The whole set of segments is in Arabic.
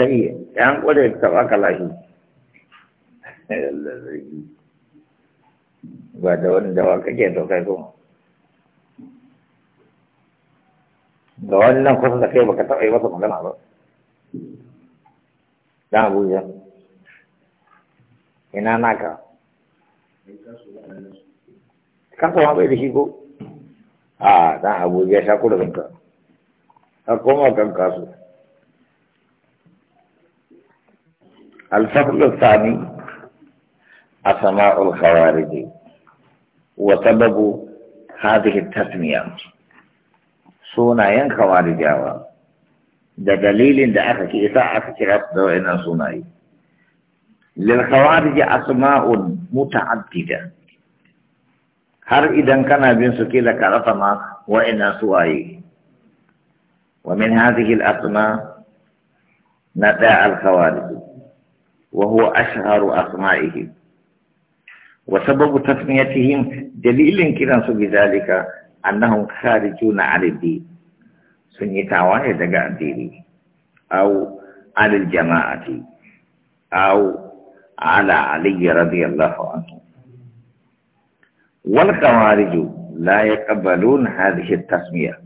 kai yan kware ta baka lahi ba da wani dawa kake to kai ko da wannan kusa da kai baka taɓa yi masa magana ba na abuja ina naka kasuwa bai da shi ko ah, a dan abuja ya sha kula kanka a koma kan kasu الفصل الثاني أسماء الخوارج وسبب هذه التسمية سونا ين خوارج أوا ده دليل إن ده أخك إساءة كرس دو سونا للخوارج أسماء متعددة هر إذا كان بين لك كرسما وإن سوائي ومن هذه الأسماء نتاع الخوارج وهو أشهر أسمائهم وسبب تسميتهم دليل كناس بذلك أنهم خارجون عن الدين سنة دقاء قاعدين أو عن الجماعة أو على علي رضي الله عنه والخوارج لا يقبلون هذه التسمية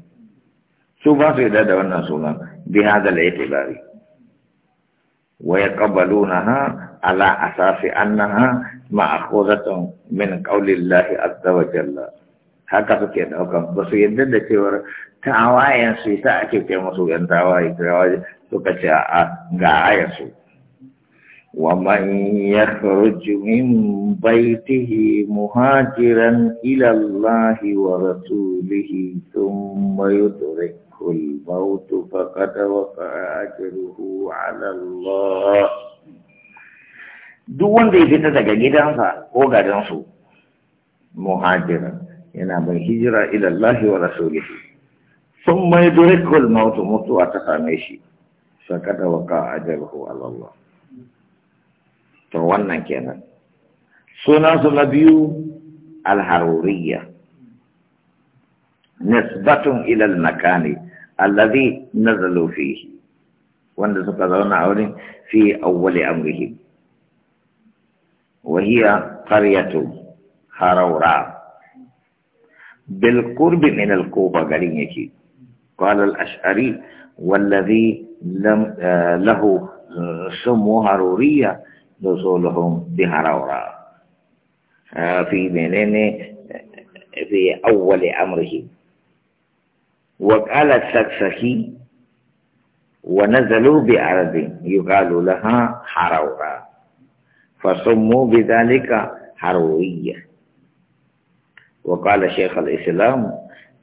سوف إلى بهذا الاعتبار ويقبلونها على أساس أنها مأخوذة من قول الله عز وجل haka suke ɗaukan ba su yadda da cewar tawayen su ta ake ce musu yan tawaye tawaye suka ce a ga ayar su wa manya yakhruju baitihi muhajiran ila wa rasulihi thumma الموت فقد وقع أجره على الله duk wanda ya fita daga gidansa ko gadansu muhajiran yana mai hijira ila Allah wa rasulihi sun mai durikul mautu mutuwa ta same shi sakata wa ka ajalhu ala Allah to wannan kenan sunan su na biyu alharuriya nisbatun ila al-makani الذي نزلوا فيه وند سقطون في أول أمرهم وهي قرية هارورا بالقرب من الكوبا قرينيكي قال الأشعري والذي لم آه، له سمو هارورية نزولهم بهارورا آه، في منين آه، في أول أمرهم وقال سكسكي ونزلوا بأرض يقال لها حرورا فصموا بذلك حروية وقال شيخ الإسلام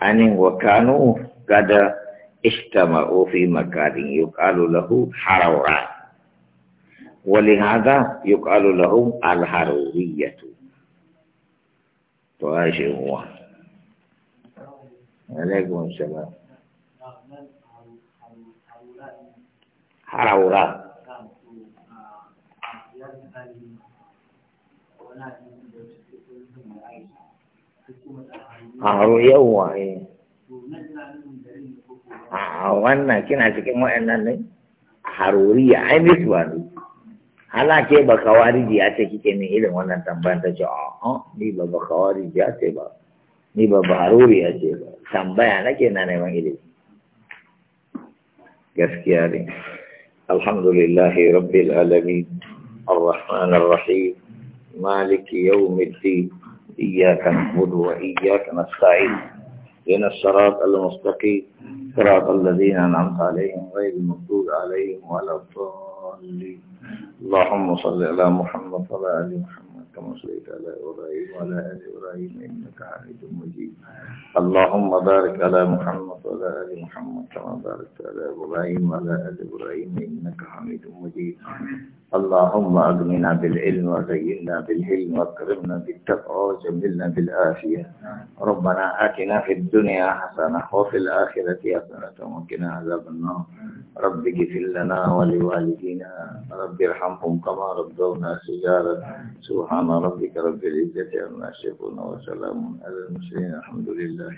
أن وكانوا قد اجتمعوا في مكان يقال له حرورا ولهذا يقال لهم الحروية طيب alaikum assalam harawura haro yawa eh a wannan kina cikin wa'annan ne haruriya ai miswa ne hala ke ba kawariji ya ce kike min irin wannan tambayar ta ce a'a ni ba ba kawariji ya ce ba ni ba baruri a ce ba tambaya nake na neman ilimi gaskiya ne alhamdulillahi rabbil alamin الرحمن الرحيم مالك يوم الدين إياك نعبد وإياك نستعين إن الصراط المستقيم صراط الذين أنعمت عليهم غير المغضوب عليهم ولا الضالين اللهم صل على محمد وعلى آل محمد كما صليت على إبراهيم وعلى آل إبراهيم إنك حميد مجيد اللهم بارك على محمد وعلى آل محمد كما باركت على إبراهيم وعلى آل إبراهيم إنك حميد مجيد اللهم أغننا بالعلم وزينا بالحلم واكرمنا بالتقوى وجملنا بالعافية ربنا آتنا في الدنيا حسنة وفي الآخرة حسنة وقنا عذاب النار رب اغفر لنا ولوالدينا رب ارحمهم كما ربونا صغارا سبحان ربك رب العزة عما يصفون وسلام على المرسلين الحمد لله